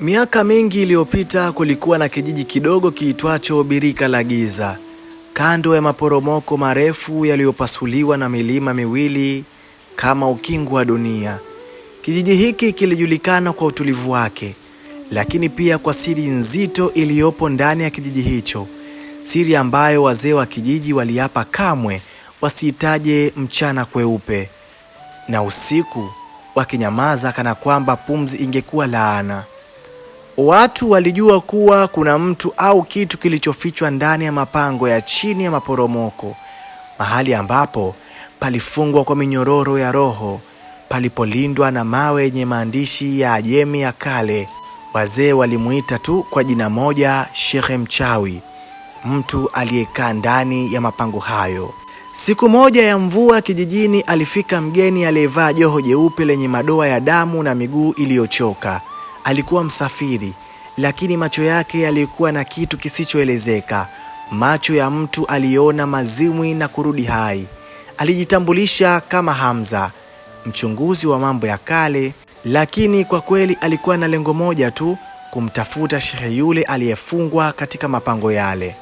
Miaka mingi iliyopita kulikuwa na kijiji kidogo kiitwacho Birika la Giza, kando ya maporomoko marefu yaliyopasuliwa na milima miwili kama ukingo wa dunia. Kijiji hiki kilijulikana kwa utulivu wake, lakini pia kwa siri nzito iliyopo ndani ya kijiji hicho, siri ambayo wazee wa kijiji waliapa kamwe wasiitaje mchana kweupe, na usiku wakinyamaza kana kwamba pumzi ingekuwa laana. Watu walijua kuwa kuna mtu au kitu kilichofichwa ndani ya mapango ya chini ya maporomoko, mahali ambapo palifungwa kwa minyororo ya roho, palipolindwa na mawe yenye maandishi ya Ajemi ya kale. Wazee walimuita tu kwa jina moja, shehe Mchawi, mtu aliyekaa ndani ya mapango hayo. Siku moja ya mvua kijijini, alifika mgeni aliyevaa joho jeupe lenye madoa ya damu na miguu iliyochoka. Alikuwa msafiri, lakini macho yake yalikuwa na kitu kisichoelezeka. Macho ya mtu aliona mazimwi na kurudi hai. Alijitambulisha kama Hamza, mchunguzi wa mambo ya kale, lakini kwa kweli alikuwa na lengo moja tu, kumtafuta shehe yule aliyefungwa katika mapango yale,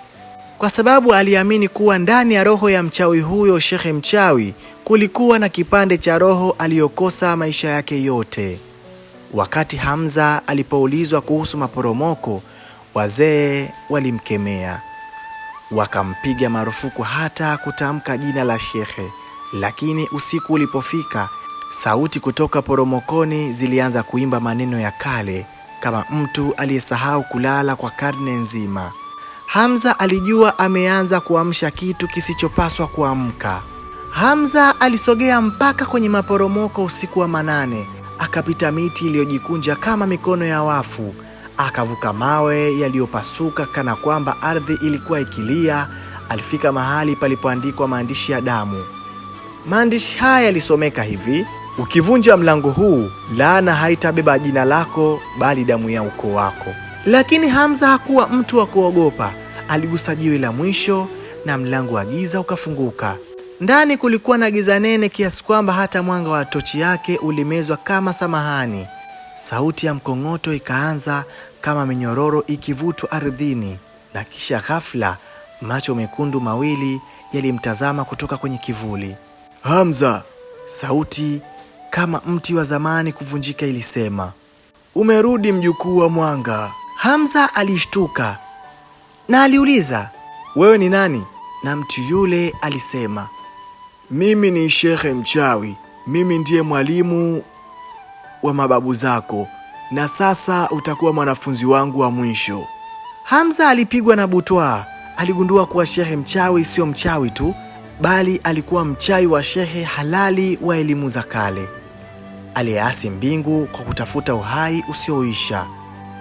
kwa sababu aliamini kuwa ndani ya roho ya mchawi huyo, shehe mchawi, kulikuwa na kipande cha roho aliyokosa maisha yake yote. Wakati Hamza alipoulizwa kuhusu maporomoko, wazee walimkemea, wakampiga marufuku hata kutamka jina la shekhe. Lakini usiku ulipofika, sauti kutoka poromokoni zilianza kuimba maneno ya kale kama mtu aliyesahau kulala kwa karne nzima. Hamza alijua ameanza kuamsha kitu kisichopaswa kuamka. Hamza alisogea mpaka kwenye maporomoko usiku wa manane akapita miti iliyojikunja kama mikono ya wafu, akavuka mawe yaliyopasuka kana kwamba ardhi ilikuwa ikilia. Alifika mahali palipoandikwa maandishi ya damu. Maandishi haya yalisomeka hivi: ukivunja mlango huu, laana haitabeba jina lako, bali damu ya ukoo wako. Lakini Hamza hakuwa mtu wa kuogopa. Aligusa jiwe la mwisho na mlango wa giza ukafunguka. Ndani kulikuwa na giza nene kiasi kwamba hata mwanga wa tochi yake ulimezwa kama samahani. Sauti ya mkong'oto ikaanza kama minyororo ikivutwa ardhini, na kisha ghafla macho mekundu mawili yalimtazama kutoka kwenye kivuli. Hamza, sauti kama mti wa zamani kuvunjika ilisema, umerudi mjukuu wa mwanga. Hamza alishtuka na aliuliza, wewe ni nani? Na mtu yule alisema mimi ni shekhe mchawi, mimi ndiye mwalimu wa mababu zako, na sasa utakuwa mwanafunzi wangu wa mwisho. Hamza alipigwa na butwa, Aligundua kuwa shehe mchawi sio mchawi tu, bali alikuwa mchawi wa shehe halali wa elimu za kale aliyeasi mbingu kwa kutafuta uhai usioisha.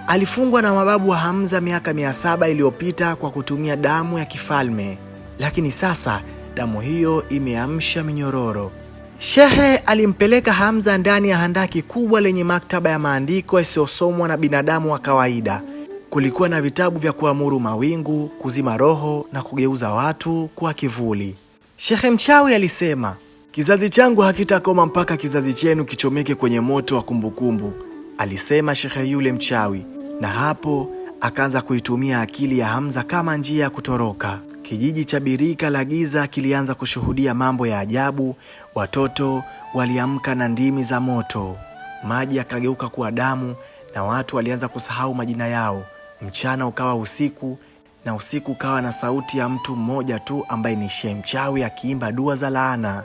Alifungwa na mababu wa Hamza miaka mia saba iliyopita kwa kutumia damu ya kifalme, lakini sasa Damu hiyo imeamsha minyororo. Shehe alimpeleka Hamza ndani ya handaki kubwa lenye maktaba ya maandiko yasiyosomwa na binadamu wa kawaida. Kulikuwa na vitabu vya kuamuru mawingu, kuzima roho na kugeuza watu kuwa kivuli. shehe mchawi alisema, kizazi changu hakitakoma mpaka kizazi chenu kichomeke kwenye moto wa kumbukumbu, alisema shehe yule mchawi, na hapo akaanza kuitumia akili ya Hamza kama njia ya kutoroka. Kijiji cha birika la giza kilianza kushuhudia mambo ya ajabu. Watoto waliamka na ndimi za moto, maji yakageuka kuwa damu, na watu walianza kusahau majina yao. Mchana ukawa usiku, na usiku ukawa na sauti ya mtu mmoja tu ambaye ni shehe mchawi akiimba dua za laana.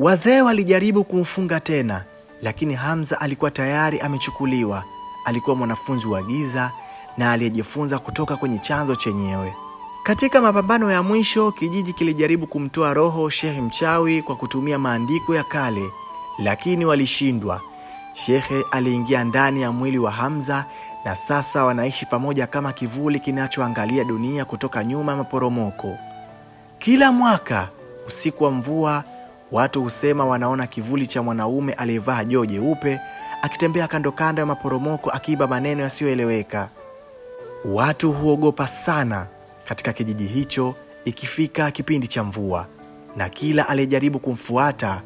Wazee walijaribu kumfunga tena, lakini Hamza alikuwa tayari amechukuliwa. Alikuwa mwanafunzi wa giza na aliyejifunza kutoka kwenye chanzo chenyewe. Katika mapambano ya mwisho, kijiji kilijaribu kumtoa roho Shehe mchawi kwa kutumia maandiko ya kale, lakini walishindwa. Shehe aliingia ndani ya mwili wa Hamza na sasa wanaishi pamoja kama kivuli kinachoangalia dunia kutoka nyuma ya maporomoko. Kila mwaka usiku wa mvua, watu husema wanaona kivuli cha mwanaume aliyevaa joo jeupe akitembea kando kando ya maporomoko akiiba maneno yasiyoeleweka. Watu huogopa sana katika kijiji hicho ikifika kipindi cha mvua, na kila aliyejaribu kumfuata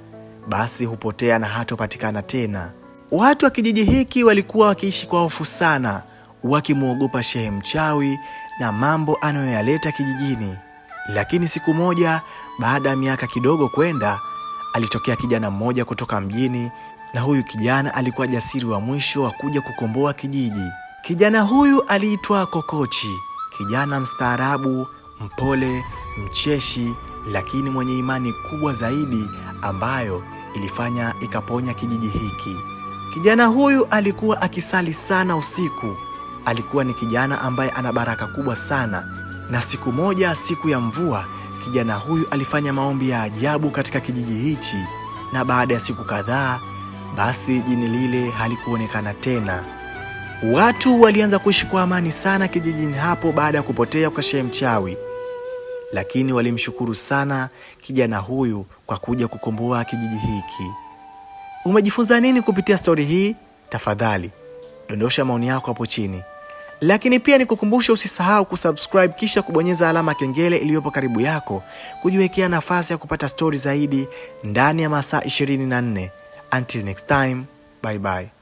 basi hupotea na hatopatikana tena. Watu wa kijiji hiki walikuwa wakiishi kwa hofu sana, wakimwogopa shehe mchawi na mambo anayoyaleta kijijini. Lakini siku moja, baada ya miaka kidogo kwenda, alitokea kijana mmoja kutoka mjini, na huyu kijana alikuwa jasiri wa mwisho wa kuja kukomboa kijiji. Kijana huyu aliitwa Kokochi kijana mstaarabu, mpole, mcheshi, lakini mwenye imani kubwa zaidi ambayo ilifanya ikaponya kijiji hiki. Kijana huyu alikuwa akisali sana usiku. Alikuwa ni kijana ambaye ana baraka kubwa sana, na siku moja, siku ya mvua, kijana huyu alifanya maombi ya ajabu katika kijiji hichi, na baada ya siku kadhaa, basi jini lile halikuonekana tena. Watu walianza kuishi kwa amani sana kijijini hapo baada ya kupotea kwa shehe mchawi, lakini walimshukuru sana kijana huyu kwa kuja kukomboa kijiji hiki. Umejifunza nini kupitia stori hii? Tafadhali dondosha maoni yako hapo chini, lakini pia nikukumbusha, usisahau kusubscribe kisha kubonyeza alama kengele iliyopo karibu yako, kujiwekea nafasi ya kupata stori zaidi ndani ya masaa 24. Until next time, bye bye.